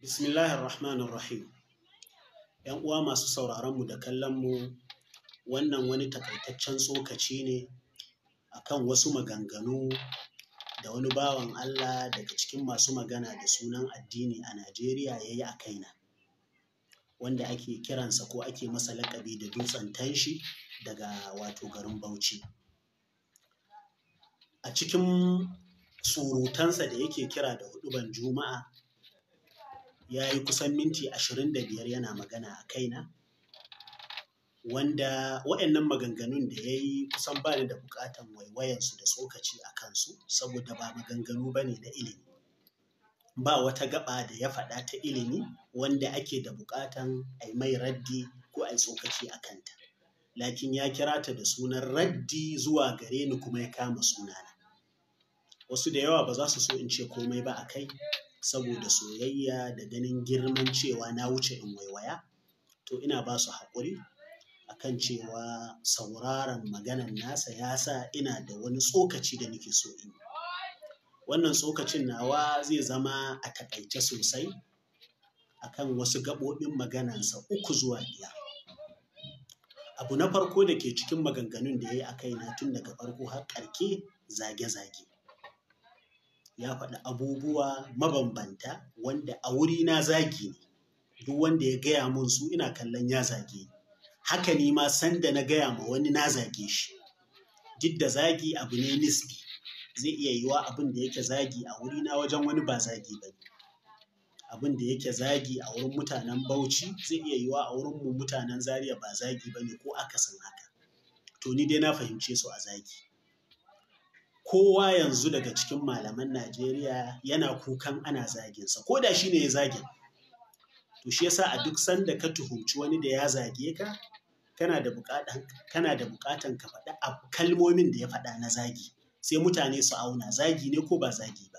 Bismillahir Rahmanir Rahim. ‘Yan uwa masu sauraronmu da kallon mu wannan wani takaitaccen tsokaci ne akan wasu maganganu da wani bawan Allah daga cikin masu magana da sunan addini a Najeriya ya yi a kaina, wanda ake kiransa ko ake masa laƙabi da dutsen tanshi daga wato garin Bauchi. A cikin surutansa da yake kira da huɗuban Juma'a, ya yi kusan minti ashirin da biyar yana magana a kaina wanda waɗannan maganganun da ya yi kusan bani da buƙatan waiwayansu da tsokaci a kansu saboda ba maganganu ba ne na ilimi ba wata gaba da ya faɗa ta ilimi wanda ake da buƙatan a mai raddi ko a tsokaci a kanta lakin ya kira ta da sunan raddi zuwa gare ni kuma ya kama sunana wasu da yawa ba za su so in ce komai ba a kai saboda soyayya da ganin girman cewa na wuce in waiwaya to ina ba su haƙuri kan cewa sauraron maganan nasa ya sa ina da wani tsokaci da nake so in wannan tsokacin nawa zai zama a taƙaice sosai A kan wasu gaɓoɓin maganansa uku zuwa biyar abu na farko da ke cikin maganganun da ya yi a kaina tun daga farko har ƙarke zage-zage ya faɗi abubuwa mabambanta wanda a wuri na zagi ne duk wanda ya gaya mun su ina kallon ya zage ni haka ni ma sanda na gaya ma wani na zage shi duk da zagi abu ne nisbi zai iya yiwa abin da yake zagi a wuri na wajen wani ba zagi ba abin da yake zagi a wurin mutanen bauchi zai iya yiwa a wurin mu mutanen Zariya ba zagi ba ne ko akasin haka to ni dai na fahimce su a zagi kowa yanzu daga cikin malaman Najeriya yana kukan ana zaginsa ko da shine ya zage to shi yasa a duk sanda ka tuhumci wani da ya zage ka kana da buƙatan kana da bukatan ka faɗi a kalmomin da ya faɗa na zagi sai mutane su auna zagi ne ko ba zagi ba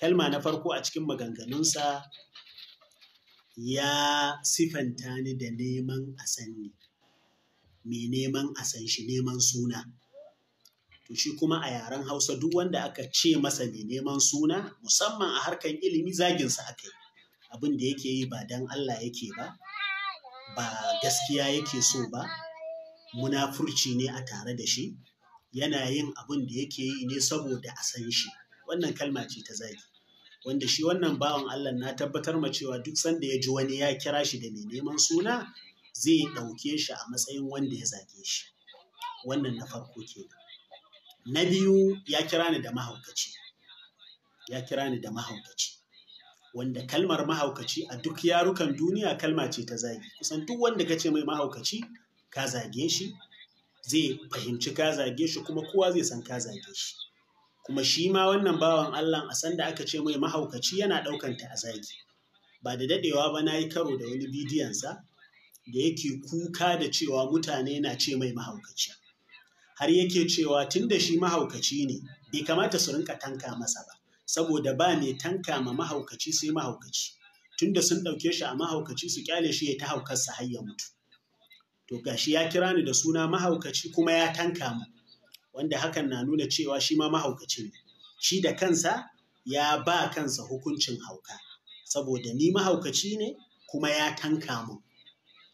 kalma na farko a cikin maganganunsa ya sifanta ni da neman a san ni me neman a san shi neman suna to shi kuma a yaren hausa duk wanda aka ce masa mai neman suna musamman a harkan ilimi zaginsa aka yi abin da yake yi ba dan Allah yake ba ba gaskiya yake so ba munafurci ne a tare da shi yana yin abin da yake yi ne saboda a san shi wannan kalma ce ta zagi wanda shi wannan bawan Allah na tabbatar ma cewa duk sanda ya ji wani ya kira shi da mai neman suna zai ɗauke shi a matsayin wanda ya zage shi wannan na farko kenan na biyu ya kira ni da mahaukaci ya kira ni da mahaukaci wanda kalmar mahaukaci a duk yarukan duniya kalma ce ta zagi kusan duk wanda ka ce mai mahaukaci ka zage shi zai fahimci ka zage shi kuma kowa zai san ka zage shi kuma shi ma wannan bawan Allah a sanda aka ce mai mahaukaci yana ta a zagi ba da daɗewa ba na yi karo da wani bidiyon sa da yake kuka da cewa mutane na ce mai mahaukaci har yake cewa tun da shi mahaukaci ne bai kamata su rinka tanka masa ba saboda ba mai tanka ma mahaukaci sai mahaukaci tun da sun ɗauke shi a mahaukaci su kyale shi ya ta haukarsa har ya mutu to gashi ya kira ni da suna mahaukaci kuma ya tanka mu wanda hakan na nuna cewa shi ma mahaukaci ne shi da kansa ya ba kansa hukuncin hauka saboda ni mahaukaci ne kuma ya tanka mu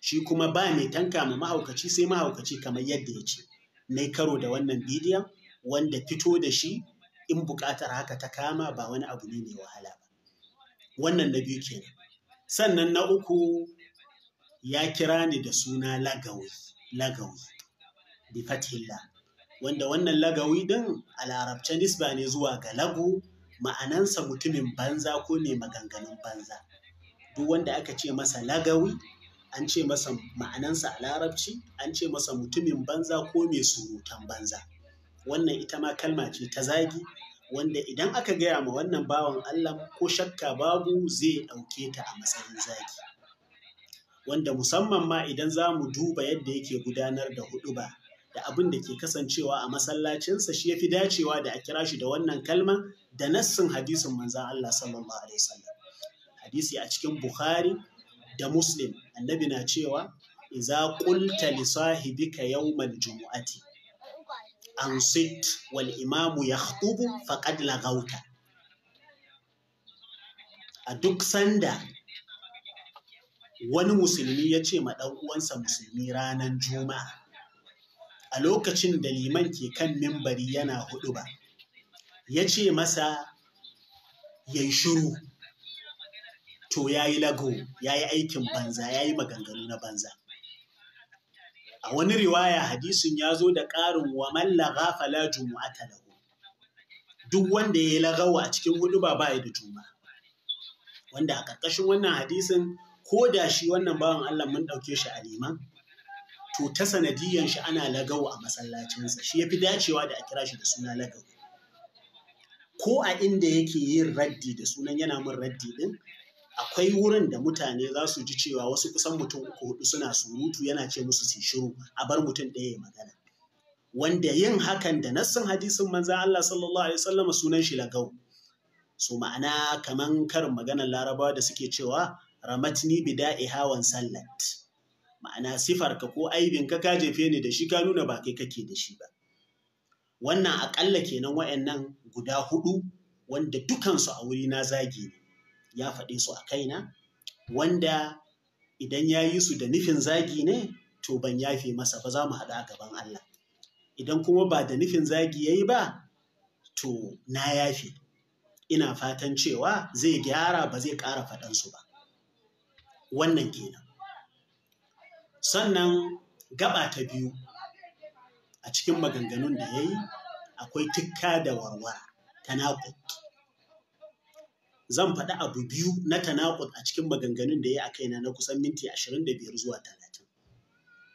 shi kuma ba mai tanka ma mahaukaci sai mahaukaci kamar yadda ya ce na karo da wannan bidiyon wanda fito da shi in buƙatar haka ta kama ba wani abu ne mai wahala ba wannan na biyu kenan sannan na uku ya kira ni da suna lagawi lagawi bi fatihillah wanda wannan lagawi din a larabce nisba ne zuwa ga lagu ma'anansa mutumin banza ko ne maganganun banza duk wanda aka ce masa lagawi an ce masa ma'anansa a larabci an ce masa mutumin banza ko mai surutan banza wannan ita ma kalma ce ta zagi wanda idan aka gaya ma wannan bawan Allah ko shakka babu zai ɗauke ta a matsayin zagi wanda musamman ma idan za mu duba yadda yake gudanar da huɗuba da abin da ke kasancewa a masallacinsa shi ya fi dacewa da a kira shi da wannan kalma da nassin hadisin manzan Allah sallallahu alaihi wasallam hadisi a cikin Bukhari da muslim annabi na cewa iza qulta li sahibika yawmal jumu'ati an sit wal imamu yakhutubu faqad laghawta a duk sanda wani musulmi ya ce ma ɗan uwansa musulmi ranar juma'a a lokacin da liman ke kan mimbari yana hudu ba ya ce masa yayi shiru to ya yi lago ya yi aikin banza ya yi maganganu na banza a wani riwaya hadisin ya zo da ƙarin wa mallaga fala ta lahu duk wanda ya yi lagawa a cikin hudu ba ba da juma wanda a ƙarƙashin wannan hadisin ko da shi wannan bawan Allah mun ɗauke shi a liman to ta sanadiyan shi ana lagawa a masallacinsa shi ya fi dacewa da a kira shi da suna lagawa ko a inda yake yin raddi da sunan yana min raddi din akwai wurin da mutane za su ji cewa wasu kusan mutum uku hudu suna surutu yana ce musu su shiru a bar mutum ɗaya ya magana wanda yin hakan da nassin hadisin manza Allah sallallahu alaihi wasallam sunan shi lagau so ma'ana kaman karin maganar larabawa da suke cewa ramatni da'i hawan sallat ma'ana ka ko aibin ka jefe ni da shi ka nuna ba kai kake da shi ba wannan aƙalla kenan wa'annan guda hudu wanda dukansu a wuri na zagi ne ya faɗe su a kaina wanda idan ya yi su da nufin zagi ne to ban yafe masa ba za mu haɗu a gaban Allah idan kuma ba da nufin zagi ya yi ba to na yafe ina fatan cewa zai gyara ba zai ƙara faɗansu ba wannan kenan sannan gaba ta biyu a cikin maganganun da ya yi akwai tikka da warwara ta naƙudu zan faɗi abu biyu na tanakut a cikin maganganun da ya a kaina na kusan minti 25 zuwa 30.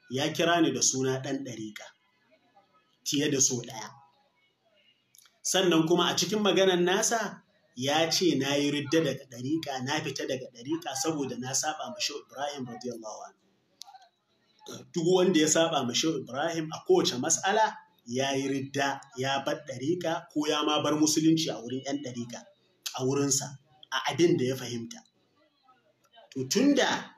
Ya kira ni da suna ɗan ɗariƙa, fiye da so ɗaya. Sannan kuma a cikin maganan nasa ya ce na yi ridda daga ɗariƙa, na fita daga ɗariƙa saboda na saba ma Shehu Ibrahim radiyallahu anhu. Duk wanda ya saba ma Shehu Ibrahim a kowace matsala, ya yi ridda, ya bar ɗariƙa ko ya ma bar musulunci a wurin 'yan ɗariƙa, a wurinsa. a abin da ya fahimta to da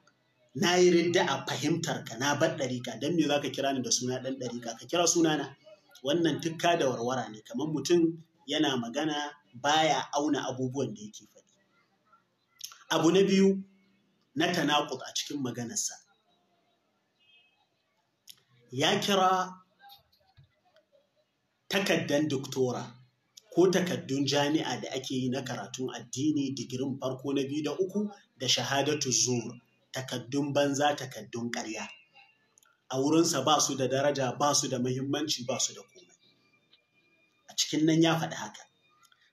na yi ridda a fahimtar ka na bar ɗarika don me za ka kira ni da suna ɗan ɗarika ka kira sunana wannan tukka da warwara ne kamar mutum yana magana baya auna abubuwan da yake faɗi abu na biyu na tanakud a cikin maganarsa ya kira takaddan doktora ko takaddun jami'a da ake yi na karatun addini digirin farko na biyu da uku da shahadatu zuwa takaddun banza takaddun karya. a wurinsa ba su da daraja ba su da muhimmanci ba su da komai a cikin nan ya faɗi haka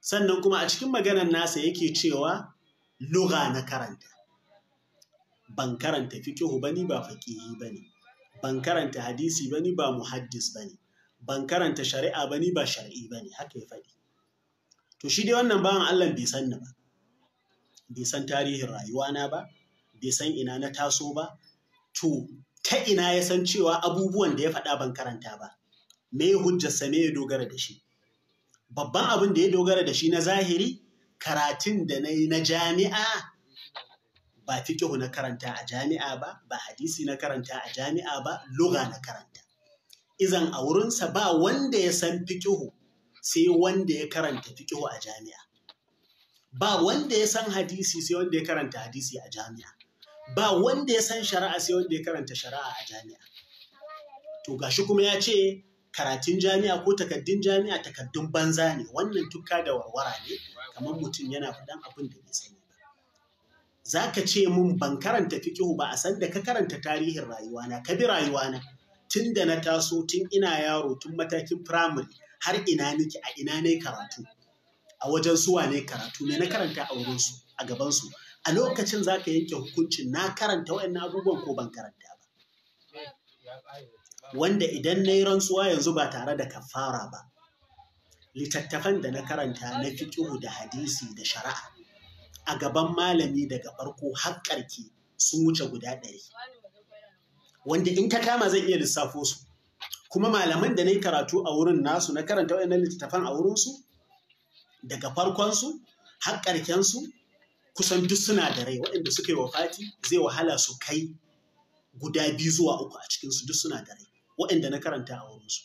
sannan kuma a cikin maganar nasa yake cewa lura na karanta ban karanta ba bani ba faƙihi bane ban karanta hadisi bani ba muhaddis bane ban karanta shari'a bani ba shar'i bane haka ya faɗi to shi dai wannan bawan Allah bai san ni ba bai san tarihin rayuwa na ba bai san ina na taso ba to ta ina ya san cewa abubuwan da ya faɗa ban karanta ba me hujjarsa me ya dogara da shi babban abin da ya dogara da shi na zahiri karatun da na yi na jami'a ba fiƙihu na karanta a jami'a ba ba hadisi na karanta a jami'a ba luga na karanta izan a wurinsa ba wanda ya san fiƙihu sai wanda ya karanta fikihu a jami'a ba wanda ya san hadisi sai wanda ya karanta hadisi a jami'a ba wanda ya san shari'a sai wanda ya karanta shari'a a jami'a to gashi kuma ya ce karatun jami'a ko takaddun jami'a takaddun banza ne wannan tukka da warwara ne kamar mutum yana faɗan abin da bai sani ba za ka ce mun ban karanta fikihu ba a san da ka karanta tarihin rayuwana ka bi rayuwana tun da na taso tun ina yaro tun matakin firamare har ina nake a ina ne karatu a wajen suwa ne karatu ne na karanta a wurin su a gaban su a lokacin za ka yanke hukuncin na karanta waɗannan abubuwan ko ban karanta ba wanda idan na yi rantsuwa yanzu ba tare da kafara ba littattafan da na karanta na fi fiƙihu da hadisi da shari'a a gaban malami daga farko har ƙarke sun wuce guda ɗari wanda in ka kama zan iya lissafo su kuma malaman da na yi karatu a wurin nasu na karanta wayannan littattafan a wurinsu daga farkonsu har ƙarkensu kusan duk suna da rai waɗanda suka yi fati zai wahala su kai guda biyu zuwa uku a cikinsu duk suna da rai waɗanda na karanta a wurinsu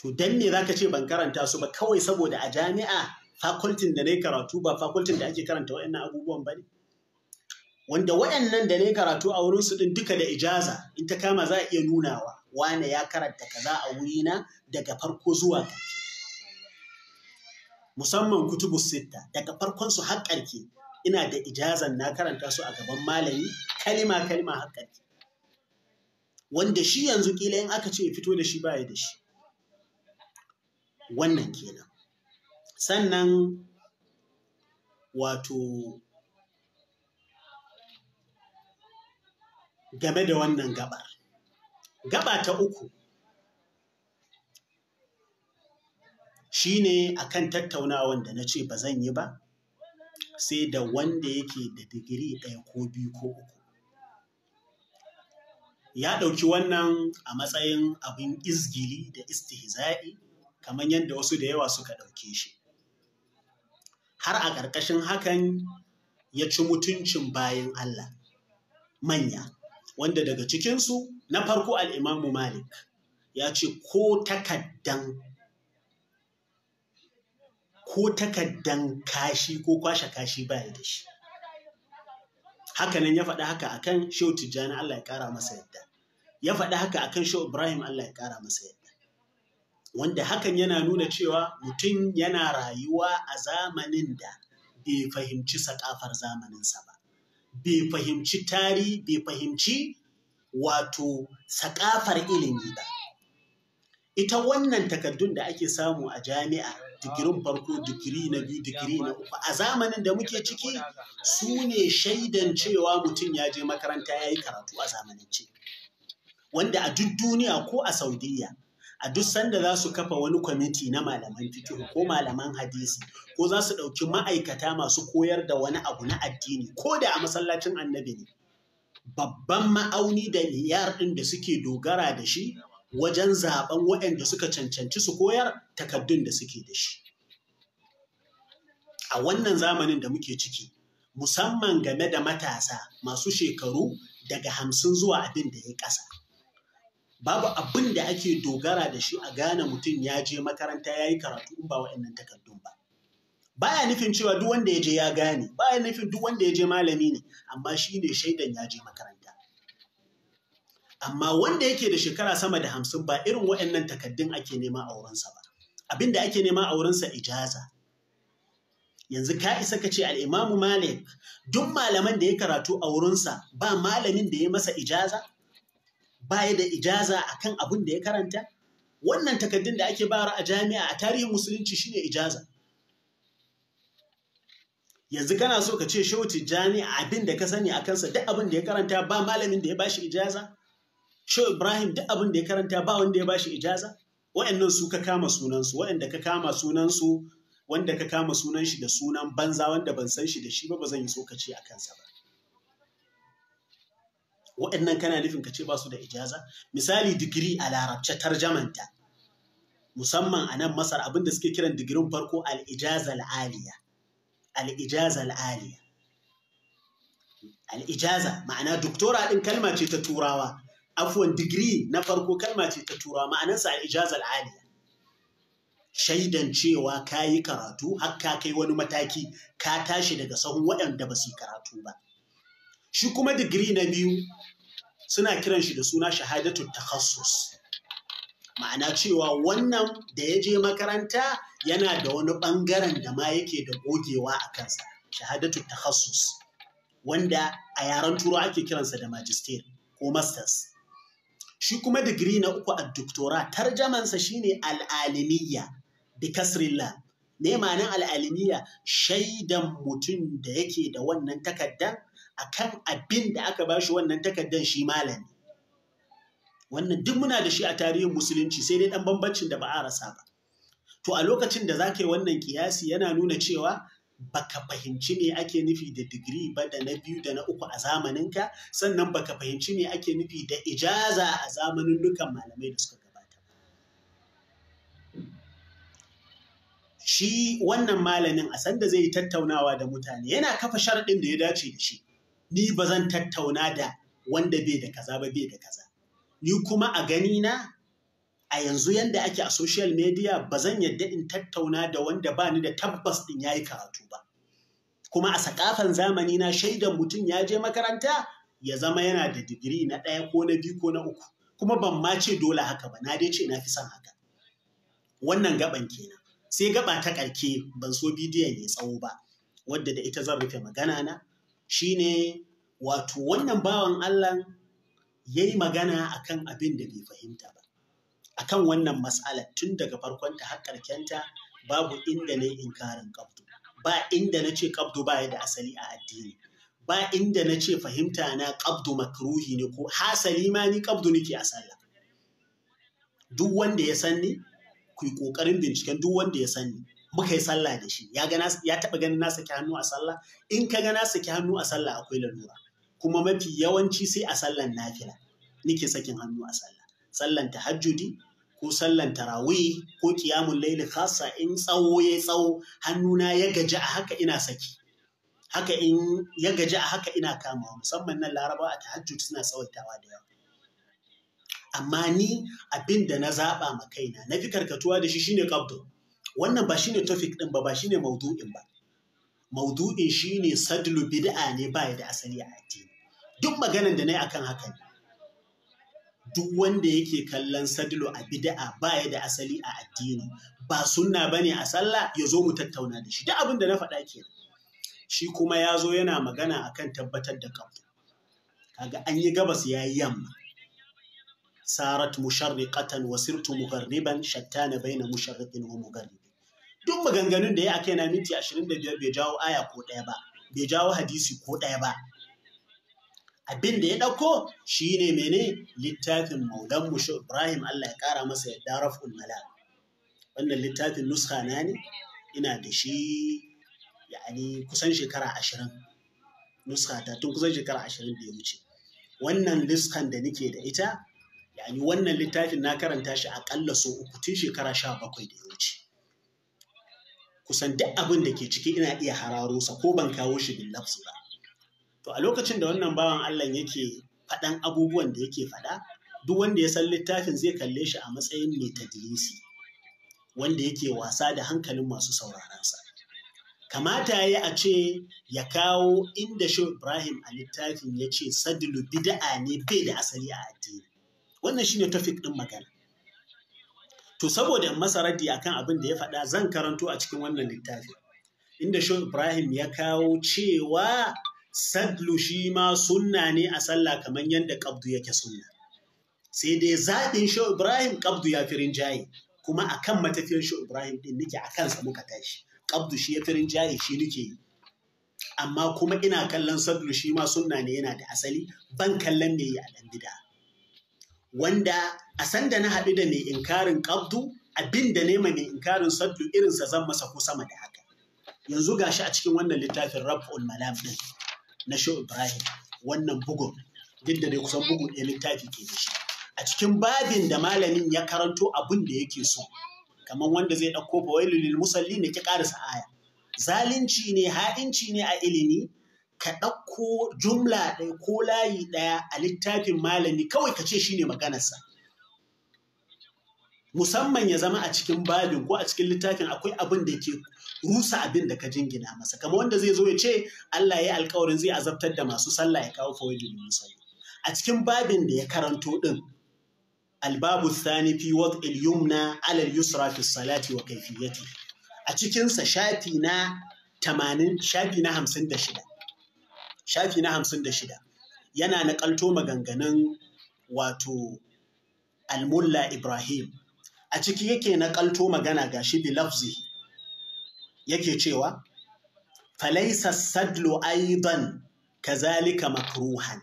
to dan me zaka ce ban karanta su ba kawai saboda a jami'a fakultin da na yi karatu ba fakultin da ake karanta waɗannan abubuwan ba ne wanda waɗannan da na yi karatu a wurinsu ɗin duka da ijaza in ta kama za a iya nunawa wane ya karanta kaza a wurina daga farko zuwa ƙarshe musamman kutubu sitta daga farkon su ina da ijazan na karanta su a gaban malami kalima kalima har wanda shi yanzu kila in aka ce fito da shi baya da shi wannan kenan sannan wato game da wannan gabar gaba ta uku shine akan tattaunawan da na ce ba zan yi ba sai da wanda yake da digiri ɗaya ko biyu ko uku ya ɗauki wannan a matsayin abin izgili da istihza'i kamar yadda wasu da yawa suka ɗauke shi har a ƙarƙashin hakan ya ci mutuncin bayan Allah manya wanda daga cikinsu na farko al'imamu Malik ya ce ko takaddan ko takaddan kashi ko kwashe kashi baya da shi. Hakanan ya faɗi haka akan Shehu Tijjani Allah ya ƙara masa yadda. Ya faɗi haka akan Shehu Ibrahim Allah ya ƙara masa yadda. Wanda hakan yana nuna cewa mutum yana rayuwa a zamanin da bai fahimci sakafar zamaninsa ba. bai fahimci tarihi bai fahimci wato sakafar ilimi ba ita wannan takardun da ake samu a jami'a digirin farko digiri na biyu digiri na uku a zamanin da muke ciki su ne shaidan cewa mutum ya je makaranta ya yi karatu a zamanin ce, wanda a duk duniya ko a Saudiyya. a duk sanda za su kafa wani kwamiti na malaman fikihu ko malaman hadisi ko za su ɗauki ma'aikata masu koyar da wani abu na addini ko da a masallacin annabi ne babban ma'auni da liyar ɗin da suke dogara da shi wajen zaben waɗanda suka cancanci su koyar takaddun da suke da shi a wannan zamanin da muke ciki musamman game da matasa masu shekaru daga hamsin zuwa abin da ya ƙasa babu abin da ake dogara da shi a gane mutum ya je makaranta ya yi karatu in ba waɗannan takardun ba baya nufin cewa duk wanda ya je ya gane baya nufin duk wanda ya je malami ne amma shi ne shaidan ya je makaranta amma wanda yake da shekara sama da hamsin ba irin waɗannan takardun ake nema a wurinsa ba abin da ake nema a wurinsa ijaza yanzu ka isa ka ce al'imamu malik duk malaman da ya karatu a wurinsa ba malamin da ya masa ijaza baya da ijaza akan abin da ya karanta wannan takaddun da ake bara a jami'a a tarihin musulunci shine ijaza yanzu kana so ka ce shautin jami'a abin da ka sani a kansa duk abin da ya karanta ba malamin da ya bashi ijaza shau ibrahim duk abin da ya karanta ba wanda ya bashi ijaza wa'annan su ka kama sunansu wa'anda ka kama sunansu wanda ka kama sunan shi da sunan banza wanda ban san shi da shi ba ba zan yi so ka ce a kansa ba waɗannan kana nufin ka ce ba su da ijaza misali digiri a larabce tarjamanta musamman a nan masar abinda suke kiran digirin farko al-ijaza al-aliya al-ijaza al-aliya al-ijaza ma'ana doktora din kalma ce ta turawa afwan digiri na farko kalma ce ta turawa ma'anarsa al-ijaza al-aliya shaidan cewa ka yi karatu har ka kai wani mataki ka tashi daga sahun waɗanda ba su yi karatu ba. Shi kuma digiri na biyu suna kiran shi da suna shahadatu takhassus ma'ana cewa wannan da ya je makaranta yana da wani ɓangaren da ma yake da gogewa a kansa shahadatu takhassus wanda a yaren turo ake kiransa da magister ko masters shi kuma digiri na uku a doktora tarjamansa shine al'alimiyya bi kasrilla ne ma'anin al'alimiyya shaidan mutum da yake da wannan takaddan akan abin da aka ba shi wannan takardar shi malami wannan duk muna da shi a tarihin musulunci sai dai dan bambancin da ba a rasa ba to a lokacin da zaka yi wannan kiyasi yana nuna cewa baka fahimci me ake nufi da digiri ba da na biyu da na uku a zamaninka sannan baka fahimci me ake nufi da ijaza a zamanin dukan malamai da suka gabata shi wannan malamin a sanda zai yi tattaunawa da mutane yana kafa sharaɗin da ya dace da shi ni ba zan tattauna da wanda bai da kaza ba bai da kaza ni kuma a gani na a yanzu yanda ake a social media ba zan yadda in tattauna da wanda ba ni da tabbas din yayi karatu ba kuma a sakafan zamani na shaidan mutum ya je makaranta ya zama yana da digiri na ɗaya ko na biyu ko na uku kuma ban ma ce dole haka ba na dai ce na fi son haka wannan gaban kenan sai gaba ta ƙarke ban so bidiyon ya tsawo ba wadda da ita zan rufe magana na shine wato wannan bawan Allah ya yi magana akan abin da bai fahimta ba akan wannan matsalar tun daga farkonta har ƙarkenta babu inda na yi inkarin kabdu ba inda na ce kabdu ba da asali a addini ba inda na ce fahimta na kabdu makruhi ne ko hasali ma ni kabdu nake a sallah duk wanda ya sanni ku yi ƙoƙarin binciken duk wanda ya sanni muka yi sallah da shi ya taɓa ya ganin na saki hannu a sallah in ka ga na saki hannu a sallah akwai lalura kuma mafi yawanci sai a sallan nafila nike sakin hannu a sallah sallan tahajjudi ko sallan tarawih ko qiyamul layl khassa in tsawo ya tsawo hannuna ya gaji a haka ina saki haka in ya gaji a haka ina kamawa musamman nan laraba a tahajjud suna tsawaitawa da yawa amma ni abin da na zaɓa ma kaina na fi karkatuwa da shi shine qabdu wannan ba shine topic din ba ba shine maudu'in ba maudu'in shine sadlu bid'a ne ba da asali a addini duk maganan da nayi akan haka ne duk wanda yake kallon sadlu a bid'a ba ya da asali a addini ba sunna bane a sallah ya zo mu tattauna da shi duk abin da na faɗa ke shi kuma ya zo yana magana akan tabbatar da kabdu kaga an yi gabas ya yi yamma sarat musharriqatan wasirtu sirtu mugarriban shattana baina musharriqin wa duk maganganun da ya ake na minti 25 bai jawo aya ko ɗaya ba bai jawo hadisi ko ɗaya ba abin da ya ɗauko shi ne mene littafin maudan mushe ibrahim allah ya ƙara masa ya daraf ulmala. wannan littafin nuska na ne ina da shi yani kusan shekara ashirin nuska ta tun kusan shekara ashirin da ya wuce wannan liskan da nike da ita yani wannan littafin na karanta shi aƙalla so uku tun shekara sha bakwai da ya wuce kusan duk abin da ke ciki ina iya hararo sa ko ban kawo shi bin lafsu ba to a lokacin da wannan bawan Allah yake faɗan abubuwan da yake faɗa duk wanda ya san littafin zai kalle shi a matsayin mai tadlisi wanda yake wasa da hankalin masu sauraron kamata ya yi a ce ya kawo inda shi Ibrahim a littafin ya ce sadlu bid'a ne bai da asali a addini wannan shine tafik ɗin magana To saboda masa a akan abin da ya faɗa zan karanto a cikin wannan littafi. Inda Shon Ibrahim ya kawo cewa sadlu shi ma sunna ne a sallah kamar yadda kabdu yake sunna. Sai dai zaɓin Shon Ibrahim kabdu ya firin jayi kuma a kan matafiyar Shon Ibrahim ɗin nake a kansa muka tashi. Kabdu shi ya firin jayi shi nake yi. Amma kuma ina kallon sadlu shi ma sunna ne yana da asali ban kallon me yi a ɗan bida. wanda a sanda na haɗu da mai inkarin ƙabdu abin da nema mai inkarin saddu irinsa zan masa ko sama da haka yanzu gashi a cikin wannan littafin rab malam din na shi Ibrahim wannan bugun duk da dai kusan bugu ɗaya littafi ke da shi a cikin babin da malamin ya karanto abun da yake so kamar wanda zai ɗauko fawailul musalli ne ki karasa aya zalunci ne ha'inci ne a ilimi ka ɗauko jumla ɗaya ko layi ɗaya a littafin malami kawai ka ce shi ne maganarsa musamman ya zama a cikin babin ko a cikin littafin akwai abin da ke rusa abin da ka jingina masa kama wanda zai zo ya ce Allah ya yi alkawarin zai azabtar da masu sallah ya kawo fawajin musalli a cikin babin da ya karanto ɗin, albabu thani fi wad il yumna ala yusra fi salati wa kayfiyati a cikin shafi na 80 shafi na shafi na hamsin da shida yana naƙalto maganganun wato almulla Ibrahim a ciki yake naƙalto magana ga shi bi lafzi yake cewa falaisa sadlu aidan kazalika makruhan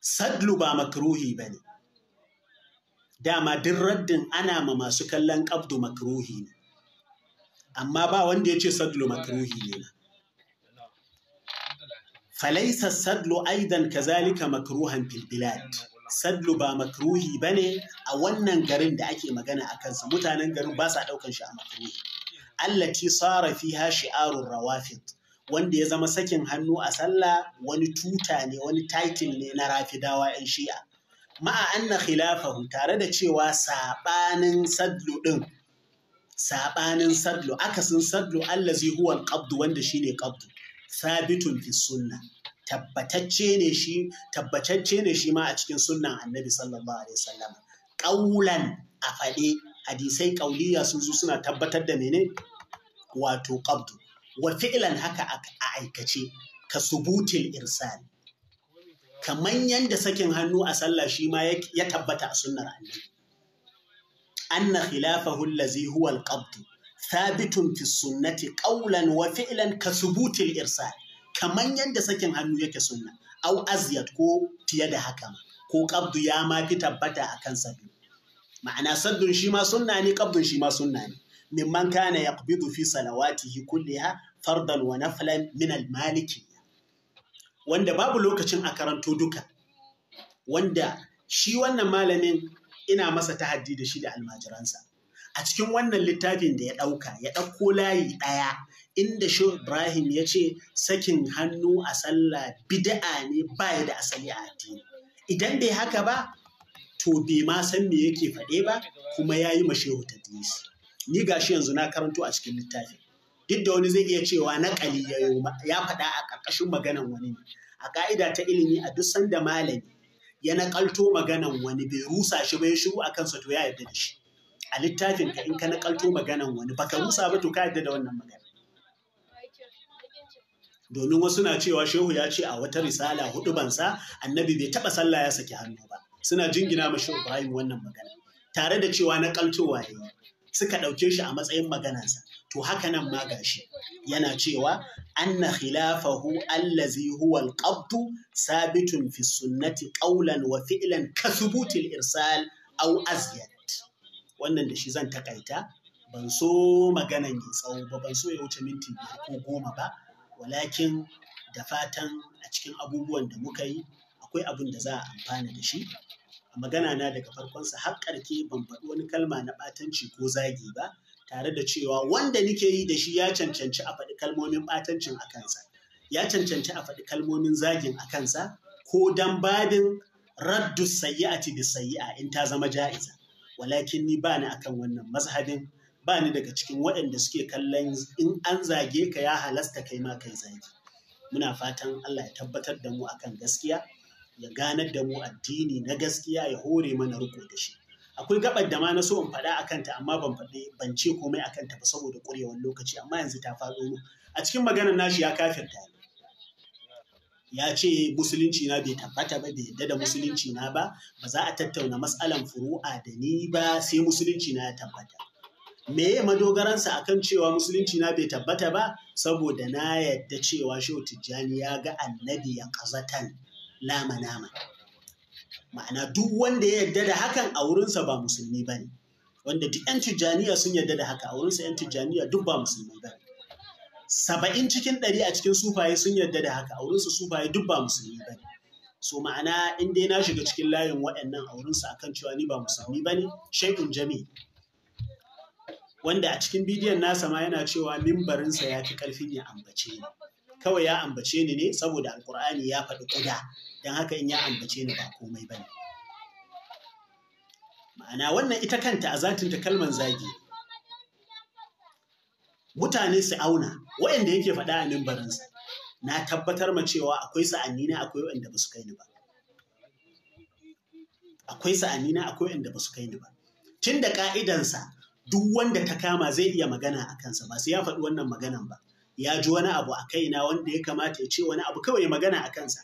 sadlu ba makruhi ne, dama duk raddin ana ma masu kallon ƙabdu makruhi ne amma ba wanda ya ce sadlu makruhi ne na Falaisas sadlu aidan kazalika makruhan fil sadlu ba makruhi bane a wannan garin da ake magana a kansa mutanen garin ba sa daukan shi a makruhi allati sara fiha shi'arur rawafid wanda ya zama sakin hannu a sallah wani tuta ne wani title ne na rafidawa yan shi'a ma'a anna khilafahu tare da cewa sabanin sadlu ɗin. Saɓanin sadlu akasin sadlu Allah allazi huwa alqabd wanda shine qabd sabitun fi sunna tabbatacce ne shi tabbatacce ne shi ma a cikin sunnan annabi sallallahu alaihi wasallam ƙaulan a faɗe hadisai ƙauliya sun zo suna tabbatar da mene wato qabdu wa fi'lan haka a aikace ka subutil irsal kamar yanda sakin hannu a sallah shi ma ya tabbata a sunnar annabi anna khilafahu allazi huwa alqabd thabitun fi sunnati qawlan wa fi'lan ka subutil irsal kaman yadda sakin hannu yake sunna au aziyat ko fiye da haka ko kabdu ya ma fi tabbata kan sabbi ma'ana saddun shi ma sunna ne kabdun shi ma sunna ne mimman kana yaqbidu fi salawatihi kulliha fardan wa naflan min al-maliki wanda babu lokacin a karanto duka wanda shi wannan malamin ina masa tahaddi da shi da almajiransa a cikin wannan littafin da ya ɗauka ya ɗauko layi ɗaya inda shi Ibrahim ya ce sakin hannu a sallah bid'a ne baya da asali a addini. Idan bai haka ba, to bai ma san me yake faɗe ba kuma ya yi ma Shehu tadlisi. Ni gashi yanzu na karanto a cikin littafin. Duk da wani zai iya cewa naƙali ya faɗa a ƙarƙashin maganan wani ne. A ƙa'ida ta ilimi a duk sanda malami ya naƙalto maganan wani bai rusa shi ba ya shiru a kansa to ya yarda da shi. a littafin ka in ka nakalto maganan wani baka musa ba to ka yadda da wannan magana domin wasu na cewa shehu ya ce a wata risala hudu bansa annabi bai taba sallah ya saki hannu ba suna jingina ma shehu Ibrahim wannan magana tare da cewa na kaltowa ne suka ɗauke shi a matsayin maganansa to haka nan ma gashi yana cewa anna khilafahu allazi huwa alqabd sabitun fi sunnati qawlan wa fi'lan ka irsal aw azyad wannan da shi zan takaita ban so magana ne tsawo ba ban so ya wuce minti biyar ko goma ba walakin da fatan a cikin abubuwan da muka yi akwai abin da za a amfana da shi a magana na daga farkon sa har karke ban faɗi wani kalma na batanci ko zagi ba tare da cewa wanda nike yi da shi ya cancanci a faɗi kalmomin ɓatancin a kansa ya cancanci a faɗi kalmomin zagin a kansa ko dan babin raddu sayi'ati bi sayi'a in ta zama ja'iza walakin ni ba ni akan wannan mazhabin ba ni daga cikin waɗanda suke kallon in an zage ka ya halasta kai ma kai zage. muna fatan Allah ya tabbatar da mu akan gaskiya ya ganar da mu addini na gaskiya ya hore mana riko da shi akwai gabar da ma na so in faɗa akan ta amma ban faɗi ban ce komai akan ta ba saboda ƙurewar lokaci amma yanzu ta faɗo mu a cikin maganar nashi ya kafirta ni ya ce musulunci na bai tabbata ba bai yadda da musulunci na ba ba za a tattauna matsalan furu'a da ni ba sai musulunci na ya tabbata meye madogaransa kan cewa musulunci na bai tabbata ba saboda na yadda cewa shehu tijjani ya ga annabi ya kazatan lama nama ma'ana duk wanda ya yadda da hakan a wurinsa ba musulmi ba ne wanda duk 'yan tijjaniya sun yadda da haka a wurinsa 'yan tijjaniya duk ba musulmi ba ne saba'in cikin ɗari a cikin sufaye sun yarda da haka aurinsu sufaye duk ba musulmi ba ne so ma'ana in dai na shiga cikin layin waɗannan aurinsu akan cewa ni ba musulmi ba ne shaikun jami wanda a cikin bidiyon nasa ma yana cewa mimbarinsa ya fi ƙarfin ya ambace ni kawai ya ambace ni ne saboda alkur'ani ya faɗi ƙuda don haka in ya ambace ni ba komai ba ne ma'ana wannan ita kanta a zatinta kalman zagi mutane su auna waɗanda yake faɗa a mimbarinsa na tabbatar ma cewa akwai sa'anni na akwai waɗanda ba su kai ni ba akwai sa'anni na akwai waɗanda ba su kai ni ba tun da ƙa'idansa duk wanda ta kama zai iya magana a kansa ba sai ya faɗi wannan maganan ba ya ji wani abu a kaina wanda ya kamata ya ce wani abu kawai magana a kansa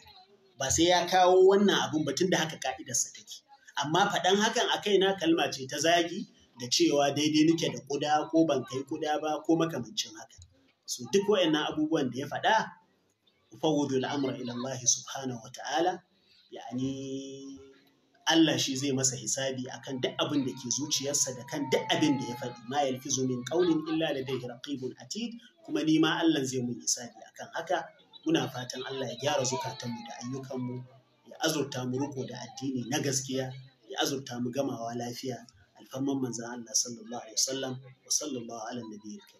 ba sai ya kawo wannan abun ba tun da haka ka'idarsa take amma faɗan hakan a kaina kalma ce ta zagi da cewa daidai nake da kuda ko ban kai kuda ba ko makamancin haka so duk wayannan abubuwan da ya faɗa fawudu al'amura ila Allah subhanahu wata'ala yani Allah shi zai masa hisabi akan duk abin da ke zuciyarsa da kan duk abin da ya faɗi ma yalfizu min qawlin illa ladayhi raqibun atid kuma ni ma Allah zai mun hisabi akan haka muna fatan Allah ya gyara zukatanmu da ayyukanmu ya azurta mu riko da addini na gaskiya ya azurta mu gamawa lafiya alfarman manzan Allah sallallahu alaihi wasallam wa sallallahu ala nabiyil